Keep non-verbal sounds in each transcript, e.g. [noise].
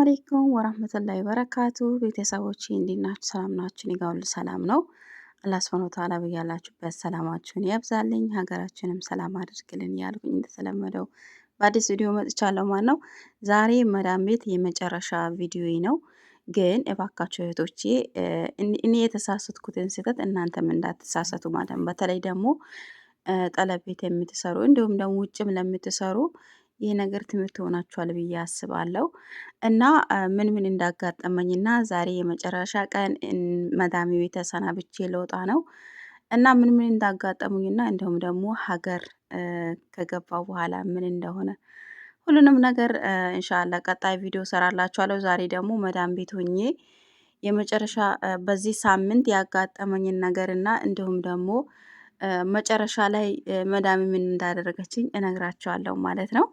አለይኩም ወራህመቱላሂ ወበረካቱ ቤተሰቦቼ እንዴት ናችሁ? ሰላም ናችሁ? እኔ ጋር ሁሉ ሰላም ነው። አላህ ሱብሓነሁ ወተዓላ በያላችሁበት ሰላማችሁን ያብዛልኝ፣ ሀገራችንም ሰላም አድርግልን ያልኩኝ እንደተለመደው በአዲስ ቪዲዮ መጥቻለሁ ማለት ነው። ዛሬ መዳም ቤት የመጨረሻ ቪዲዮ ነው። ግን እባካችሁ እህቶቼ እኔ የተሳሳትኩትን ስህተት እናንተም እንዳትሳሰቱ ማለት ነው። በተለይ ደግሞ ጠለብ ቤት የምትሰሩ እንዲሁም ደግሞ ውጭም ለምትሰሩ ይህ ነገር ትምህርት ይሆናችኋል ብዬ አስባለሁ። እና ምን ምን እንዳጋጠመኝ እና ዛሬ የመጨረሻ ቀን መዳሚ ቤት ሰናብቼ ለውጣ ነው እና ምን ምን እንዳጋጠሙኝና እንዲሁም ደግሞ ሀገር ከገባ በኋላ ምን እንደሆነ ሁሉንም ነገር እንሻላ ቀጣይ ቪዲዮ ሰራላችኋለሁ። ዛሬ ደግሞ መዳም ቤት ሆኜ የመጨረሻ በዚህ ሳምንት ያጋጠመኝን ነገርና እንዲሁም ደግሞ መጨረሻ ላይ መዳም ምን እንዳደረገችኝ እነግራቸዋለሁ ማለት ነው።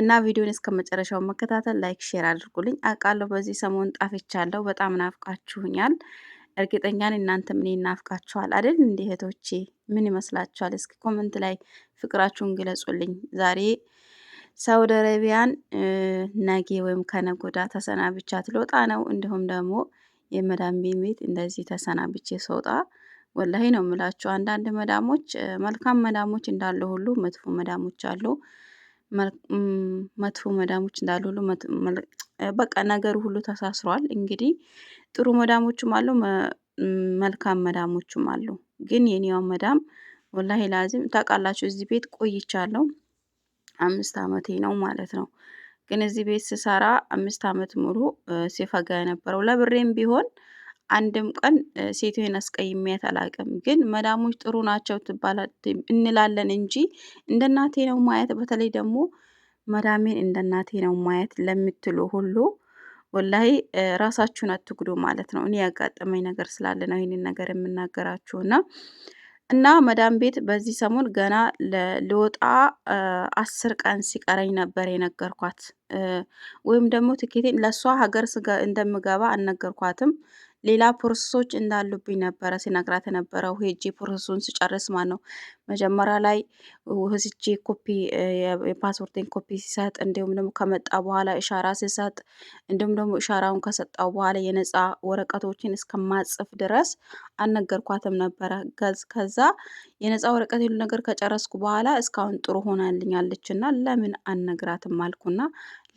እና ቪዲዮን እስከ መጨረሻው መከታተል፣ ላይክ፣ ሼር አድርጉልኝ። አውቃለሁ በዚህ ሰሞን ጣፍቻለሁ። በጣም ናፍቃችሁኛል። እርግጠኛ ነኝ እናንተም እኔን ናፍቃችኋል አይደል? እንደ እህቶቼ ምን ይመስላችኋል? እስኪ ኮመንት ላይ ፍቅራችሁን ግለጹልኝ። ዛሬ ሳውዲ አረቢያን ነገ ወይም ከነጎዳ ወዲያ ተሰናብቻት ልወጣ ነው። እንዲሁም ደግሞ የመዳም ቤት እንደዚህ ተሰናብቼ ሰውጣ ወላሂ ነው የምላችሁ። አንዳንድ መዳሞች መልካም መዳሞች እንዳለ ሁሉ መጥፎ መዳሞች አሉ። መጥፎ መዳሞች እንዳሉ ሁሉ በቃ ነገሩ ሁሉ ተሳስሯል። እንግዲህ ጥሩ መዳሞችም አሉ፣ መልካም መዳሞችም አሉ። ግን የኔዋ መዳም ወላሂ ላዚም ታውቃላችሁ፣ እዚህ ቤት ቆይቻለሁ። አምስት አመቴ ነው ማለት ነው። ግን እዚህ ቤት ስሰራ አምስት አመት ሙሉ ሲፈጋ የነበረው ለብሬም ቢሆን አንድም ቀን ሴቴን አስቀይሜያት አላውቅም። ግን መዳሞች ጥሩ ናቸው ትባላት እንላለን እንጂ እንደ እናቴ ነው ማየት። በተለይ ደግሞ መዳሜን እንደ እናቴ ነው ማየት ለምትሉ ሁሉ ወላይ ራሳችሁን አትጉዱ ማለት ነው። እኔ ያጋጠመኝ ነገር ስላለ ነው ይህንን ነገር የምናገራችሁ እና እና መዳም ቤት በዚህ ሰሞን ገና ለወጣ አስር ቀን ሲቀረኝ ነበር የነገርኳት። ወይም ደግሞ ትኬቴን ለእሷ ሀገር እንደምገባ አልነገርኳትም። ሌላ ፕሮሰሶች እንዳሉብኝ ነበረ ሲነግራት የነበረው ሄጄ ፕሮሰሱን ስጨርስ ማ ነው። መጀመሪያ ላይ ወስጄ ኮፒ የፓስፖርቴን ኮፒ ሲሰጥ እንዲሁም ደግሞ ከመጣ በኋላ ኢሻራ ሲሰጥ እንዲሁም ደግሞ ኢሻራውን ከሰጣው በኋላ የነፃ ወረቀቶችን እስከማጽፍ ድረስ አልነገርኳትም ነበረ። ከዛ የነፃ ወረቀት ሁሉ ነገር ከጨረስኩ በኋላ እስካሁን ጥሩ ሆናልኛለች እና ለምን አልነግራትም አልኩና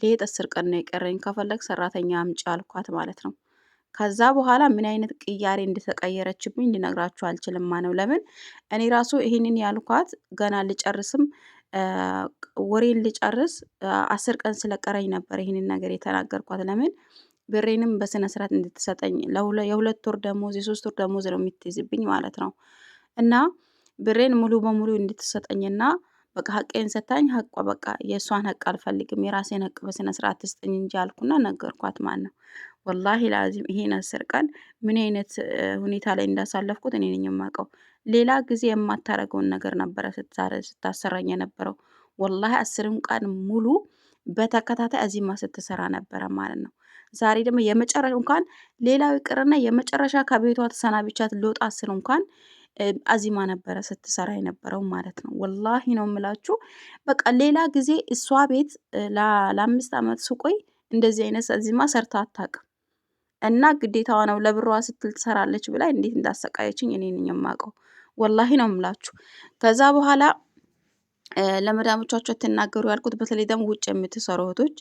ሌጥ አስር ቀን ነው የቀረኝ ከፈለግ ሰራተኛ አምጪ አልኳት ማለት ነው። ከዛ በኋላ ምን አይነት ቅያሬ እንደተቀየረችብኝ ልነግራችሁ አልችልም። ማነው ለምን እኔ ራሱ ይህንን ያልኳት ገና ልጨርስም ወሬን ልጨርስ አስር ቀን ስለቀረኝ ነበር ይህንን ነገር የተናገርኳት። ለምን ብሬንም በስነ ስርዓት እንድትሰጠኝ የሁለት ወር ደሞዝ የሶስት ወር ደሞዝ ነው የምትይዝብኝ ማለት ነው። እና ብሬን ሙሉ በሙሉ እንድትሰጠኝና በቃ ሀቄን ሰታኝ ሀቋ በቃ የእሷን ሀቅ አልፈልግም የራሴን ሀቅ በስነ ስርዓት ትስጠኝ እንጂ አልኩና ነገርኳት ማለት ነው። ወላሂ ላዚም ይሄን አስር ቀን ምን አይነት ሁኔታ ላይ እንዳሳለፍኩት እኔ ነኝ የማውቀው። ሌላ ጊዜ የማታረገውን ነገር ነበረ ስታሰራኝ የነበረው። ወላሂ አስርም ቀን ሙሉ በተከታታይ አዚማ ስትሰራ ነበረ ማለት ነው። ዛሬ ደግሞ የመጨረሻ እንኳን ሌላው ይቅርና የመጨረሻ ከቤቷ ተሰናብቻት ልወጣ ስል እንኳን አዚማ ነበረ ስትሰራ የነበረው ማለት ነው። ወላሂ ነው የምላችሁ። በቃ ሌላ ጊዜ እሷ ቤት ለአምስት ዓመት ስቆይ እንደዚህ አይነት አዚማ ሰርታ አታውቅም። እና ግዴታዋ ነው ለብሯ ስትል ትሰራለች ብላ እንዴት እንዳሰቃየችኝ እኔ ነኝ የማውቀው። ወላሂ ነው የምላችሁ። ከዛ በኋላ ለመዳሞቻቸው አትናገሩ ያልኩት በተለይ ደግሞ ውጭ የምትሰሩ እህቶች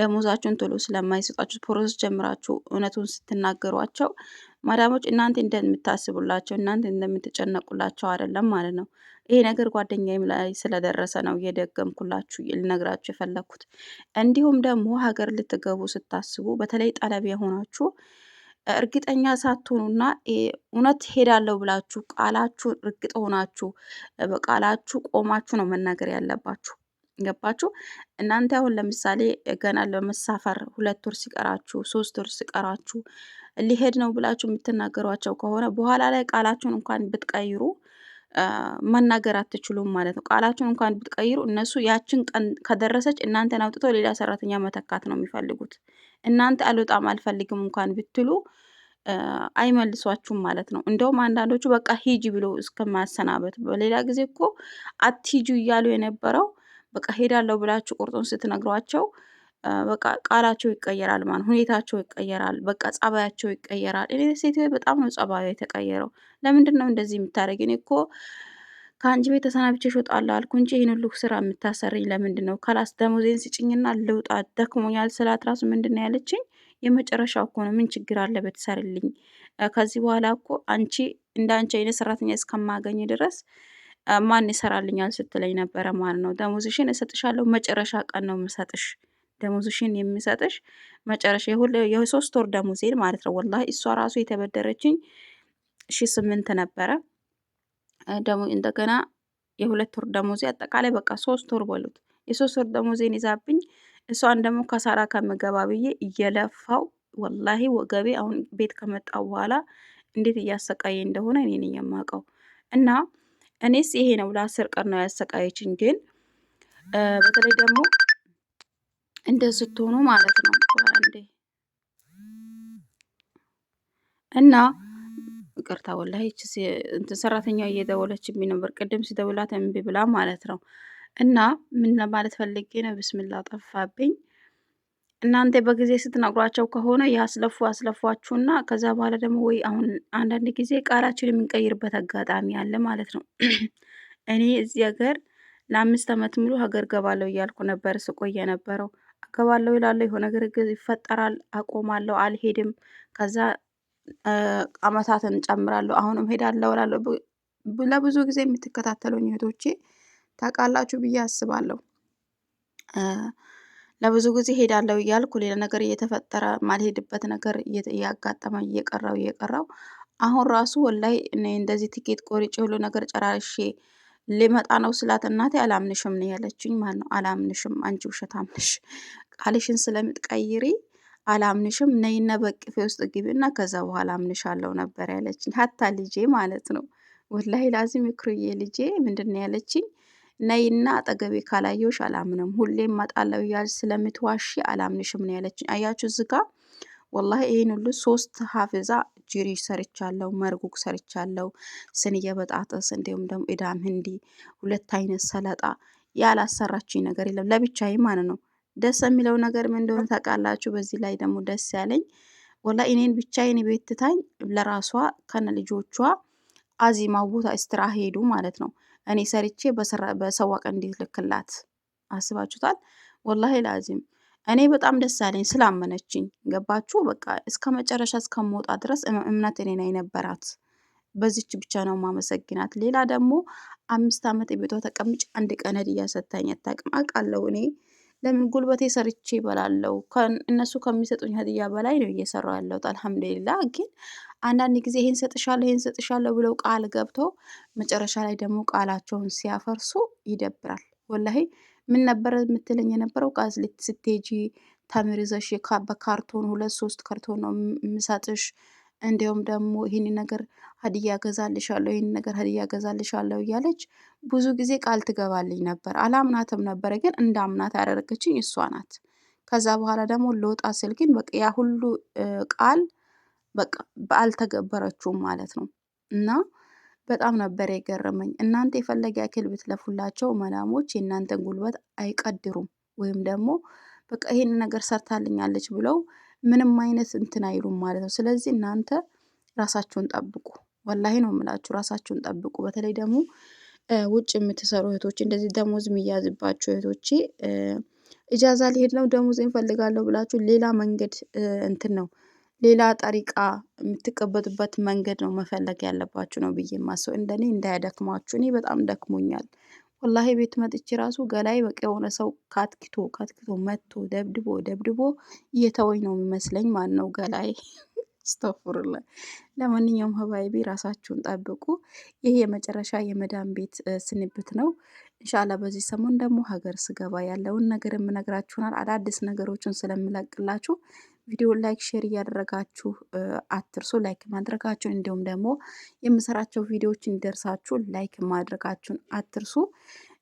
ደሞዛችሁን ቶሎ ስለማይሰጧችሁ ፕሮሰስ ጀምራችሁ እውነቱን ስትናገሯቸው ማዳሞች እናንተ እንደምታስቡላቸው እናንተ እንደምትጨነቁላቸው አይደለም ማለት ነው። ይሄ ነገር ጓደኛዬም ላይ ስለደረሰ ነው የደገምኩላችሁ ልነግራችሁ የፈለግኩት። እንዲሁም ደግሞ ሀገር ልትገቡ ስታስቡ በተለይ ጠለብ የሆናችሁ እርግጠኛ ሳትሆኑና እውነት ሄዳለሁ ብላችሁ ቃላችሁ እርግጥ ሆናችሁ በቃላችሁ ቆማችሁ ነው መናገር ያለባችሁ። ገባችሁ? እናንተ አሁን ለምሳሌ ገና ለመሳፈር ሁለት ወር ሲቀራችሁ፣ ሶስት ወር ሲቀራችሁ ሊሄድ ነው ብላችሁ የምትናገሯቸው ከሆነ በኋላ ላይ ቃላችሁን እንኳን ብትቀይሩ መናገር አትችሉም ማለት ነው። ቃላችሁን እንኳን ብትቀይሩ እነሱ ያችን ቀን ከደረሰች እናንተን አውጥቶ ሌላ ሰራተኛ መተካት ነው የሚፈልጉት። እናንተ አልወጣም አልፈልግም እንኳን ብትሉ አይመልሷችሁም ማለት ነው። እንደውም አንዳንዶቹ በቃ ሂጂ ብሎ እስከማሰናበት፣ በሌላ ጊዜ እኮ አትሂጂ እያሉ የነበረው በቃ ሄዳለሁ ብላችሁ ቁርጡን ስትነግሯቸው በቃ ቃላቸው ይቀየራል ማለት ሁኔታቸው ይቀየራል። በቃ ጸባያቸው ይቀየራል። እኔ ሴትዮ በጣም ነው ጸባዩ የተቀየረው። ለምንድን ነው እንደዚህ የምታደርጊ? እኔ እኮ ከአንቺ ቤት ተሰናብቼ እወጣለሁ አልኩ እንጂ ይህን ሁሉ ስራ የምታሰርኝ ለምንድን ነው? ከላስ ደሞዜን ስጭኝና ልውጣ ደክሞኛል ስላት ራሱ ምንድን ነው ያለችኝ? የመጨረሻው እኮ ነው ምን ችግር አለ ብትሰርልኝ። ከዚህ በኋላ እኮ አንቺ እንደ አንቺ አይነት ሰራተኛ እስከማገኝ ድረስ ማን ይሰራልኛል ስትለኝ ነበረ ማለት ነው። ደሞዝሽን እሰጥሻለሁ፣ መጨረሻ ቀን ነው የምሰጥሽ ደሞዝሽን የሚሰጥሽ መጨረሻ የሶስት ወር ደሞዜን ማለት ነው። ወላሂ እሷ ራሱ የተበደረችኝ ሺ ስምንት ነበረ። ደሞ እንደገና የሁለት ወር ደሞዜ አጠቃላይ በቃ ሶስት ወር በሉት የሶስት ወር ደሞዜን ይዛብኝ እሷን ደግሞ ከሳራ ከምገባ ብዬ እየለፋው ወላሂ ወገቤ አሁን ቤት ከመጣው በኋላ እንዴት እያሰቃየ እንደሆነ እኔን የማውቀው እና እኔስ ይሄ ነው ለአስር ቀን ነው ያሰቃየችኝ። ግን በተለይ ደግሞ እንደ ስትሆኑ ማለት ነው እንዴ እና ይቅርታ ወላሂ እንትን ሰራተኛው እየደወለችብኝ ነበር። ቅድም ሲደውላት እምቢ ብላ ማለት ነው። እና ምን ለማለት ፈልጌ ነው፣ ብስምላ ጠፋብኝ። እናንተ በጊዜ ስትነግሯቸው ከሆነ ያስለፉ አስለፏችሁና ከዛ በኋላ ደግሞ ወይ አሁን አንዳንድ ጊዜ ቃላችን የምንቀይርበት አጋጣሚ አለ ማለት ነው። እኔ እዚህ ሀገር ለአምስት ዓመት ሙሉ ሀገር ገባለሁ እያልኩ ነበር ስቆየ ነበረው እገባለሁ ይላለሁ፣ የሆነ ግርግር ይፈጠራል፣ አቆማለሁ፣ አልሄድም። ከዛ አመታትን ጨምራለሁ፣ አሁንም ሄዳለሁ እላለሁ። ለብዙ ጊዜ የምትከታተሉኝ እህቶቼ ታውቃላችሁ ብዬ አስባለሁ። ለብዙ ጊዜ ሄዳለሁ እያልኩ ሌላ ነገር እየተፈጠረ ማልሄድበት ነገር እያጋጠመ እየቀረው እየቀረው አሁን ራሱ ወላይ እኔ እንደዚህ ትኬት ቆርጬ ሁሉ ነገር ጨራርሼ ልመጣ ነው ስላት እናቴ አላምንሽም ነው ያለችኝ ማለት ነው። አላምንሽም አንቺ ውሸታም ነሽ፣ ቃልሽን ስለምትቀይሪ አላምንሽም፣ ነይና በቅፌ ውስጥ ግቢና ከዛ በኋላ አምንሻለሁ ነበር ያለችኝ። ሀታ ልጄ ማለት ነው። ወላሂ ላዚም ይክሩዬ ልጄ ምንድን ነው ያለችኝ? ነይና አጠገቤ ካላየሁሽ አላምንም፣ ሁሌም እመጣለሁ እያልሽ ስለምትዋሺ አላምንሽም ነው ያለችኝ። አያችሁ ዝጋ ወላሂ ይህን ሁሉ ሶስት ሀፍዛ ጅሪሽ ሰርቻለሁ፣ መርጉግ ሰርቻለሁ፣ ስንየ በጣጥስ እንዲሁም ደግሞ ኢዳም ህንዲ፣ ሁለት አይነት ሰላጣ ያላሰራችኝ ነገር የለም ለብቻዬ ማለት ነው። ደስ የሚለው ነገር ምን እንደሆነ ታውቃላችሁ? በዚህ ላይ ደግሞ ደስ ያለኝ ወላ እኔን ብቻዬን ቤት ትታኝ ለራሷ ከነ ልጆቿ አዚማ ቦታ እስትራ ሄዱ ማለት ነው። እኔ ሰርቼ በሰዋቅ ልክላት አስባችሁታል? ወላሂ ላዚም እኔ በጣም ደስ አለኝ ስላመነችኝ ገባችሁ በቃ እስከ መጨረሻ እስከምወጣ ድረስ እምነት እኔ ላይ ነበራት። በዚች ብቻ ነው ማመሰግናት። ሌላ ደግሞ አምስት ዓመት የቤቷ ተቀምጭ አንድ ቀን ሀዲያ ሰታኝ አታውቅም። አውቃለሁ እኔ ለምን ጉልበቴ ሰርቼ ይበላለው። እነሱ ከሚሰጡኝ ሀዲያ በላይ ነው እየሰራው ያለው። አልሐምዱሊላ። ግን አንዳንድ ጊዜ ይሄን ሰጥሻለሁ ይሄን ሰጥሻለሁ ብለው ቃል ገብተው መጨረሻ ላይ ደግሞ ቃላቸውን ሲያፈርሱ ይደብራል ወላሂ። ምን ነበረ የምትለኝ የነበረው ቃዝ ስቴጂ ተምርዘሽ በካርቶን ሁለት ሶስት ካርቶን ነው የምሰጥሽ። እንዲሁም ደግሞ ይህን ነገር ሀዲያ ገዛልሻለሁ፣ ይህን ነገር ሀዲያ ገዛልሻለሁ እያለች ብዙ ጊዜ ቃል ትገባልኝ ነበር። አላምናትም ነበረ፣ ግን እንደ አምናት ያደረገችኝ እሷ ናት። ከዛ በኋላ ደግሞ ለወጣ ስል ግን በቃ ያ ሁሉ ቃል በቃ አልተገበረችውም ማለት ነው እና በጣም ነበር የገረመኝ። እናንተ የፈለገ ያክል ብትለፉላቸው መላሞች የእናንተን ጉልበት አይቀድሩም፣ ወይም ደግሞ በቃ ይሄን ነገር ሰርታልኛለች ብለው ምንም አይነት እንትን አይሉም ማለት ነው። ስለዚህ እናንተ ራሳችሁን ጠብቁ፣ ወላሂ ነው የምላችሁ፣ ራሳችሁን ጠብቁ። በተለይ ደግሞ ውጭ የምትሰሩ እህቶች፣ እንደዚህ ደሞዝ የሚያዝባቸው እህቶቼ እጃዛ ሊሄድ ነው ደሞዝ እንፈልጋለሁ ብላችሁ ሌላ መንገድ እንትን ነው ሌላ ጠሪቃ የምትቀበጡበት መንገድ ነው መፈለግ ያለባችሁ ነው ብዬ ማስበው። እንደኔ እንዳያደክማችሁ። እኔ በጣም ደክሞኛል። ወላሂ ቤት መጥቼ ራሱ ገላይ በቃ የሆነ ሰው ካትኪቶ ካትኪቶ መቶ ደብድቦ ደብድቦ እየተወኝ ነው የሚመስለኝ። ማን ነው ገላይ? [laughs] ስተፍርለ ለማንኛውም ሀባይቢ ራሳችሁን ጠብቁ። ይህ የመጨረሻ የመዳን ቤት ስንብት ነው። እንሻላ በዚህ ሰሞን ደግሞ ሀገር ስገባ ያለውን ነገር የምነግራችሁናል። አዳዲስ ነገሮችን ስለምለቅላችሁ ቪዲዮ ላይክ፣ ሼር እያደረጋችሁ አትርሱ። ላይክ ማድረጋችሁን እንዲሁም ደግሞ የምሰራቸው ቪዲዮዎች እንዲደርሳችሁ ላይክ ማድረጋችሁን አትርሱ።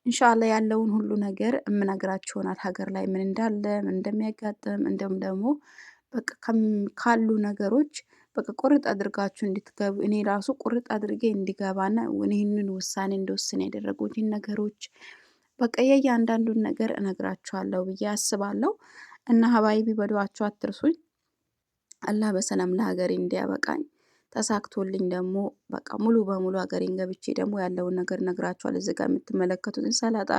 እንሻላ ያለውን ሁሉ ነገር የምነግራችሁ ይሆናል። ሀገር ላይ ምን እንዳለ ምን እንደሚያጋጥም እንዲሁም ደግሞ ካሉ ነገሮች በቃ ቁርጥ አድርጋችሁ እንድትገቡ እኔ ራሱ ቁርጥ አድርጌ እንዲገባና ይህንን ውሳኔ እንደወስን ያደረጉትን ነገሮች በቃ የእያንዳንዱን ነገር እነግራችኋለሁ ብዬ አስባለሁ። እና ሀባይ በዱዋችሁ አትርሱኝ። አላህ በሰላም ለሀገሬ እንዲያበቃኝ ተሳክቶልኝ ደግሞ በቃ ሙሉ በሙሉ ሀገሬን ገብቼ ደግሞ ያለውን ነገር ነግራችኋል። እዚህ ጋር የምትመለከቱትን ሰላጣ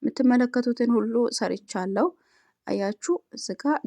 የምትመለከቱትን ሁሉ ሰርቻለሁ። አያችሁ እዚህ ጋር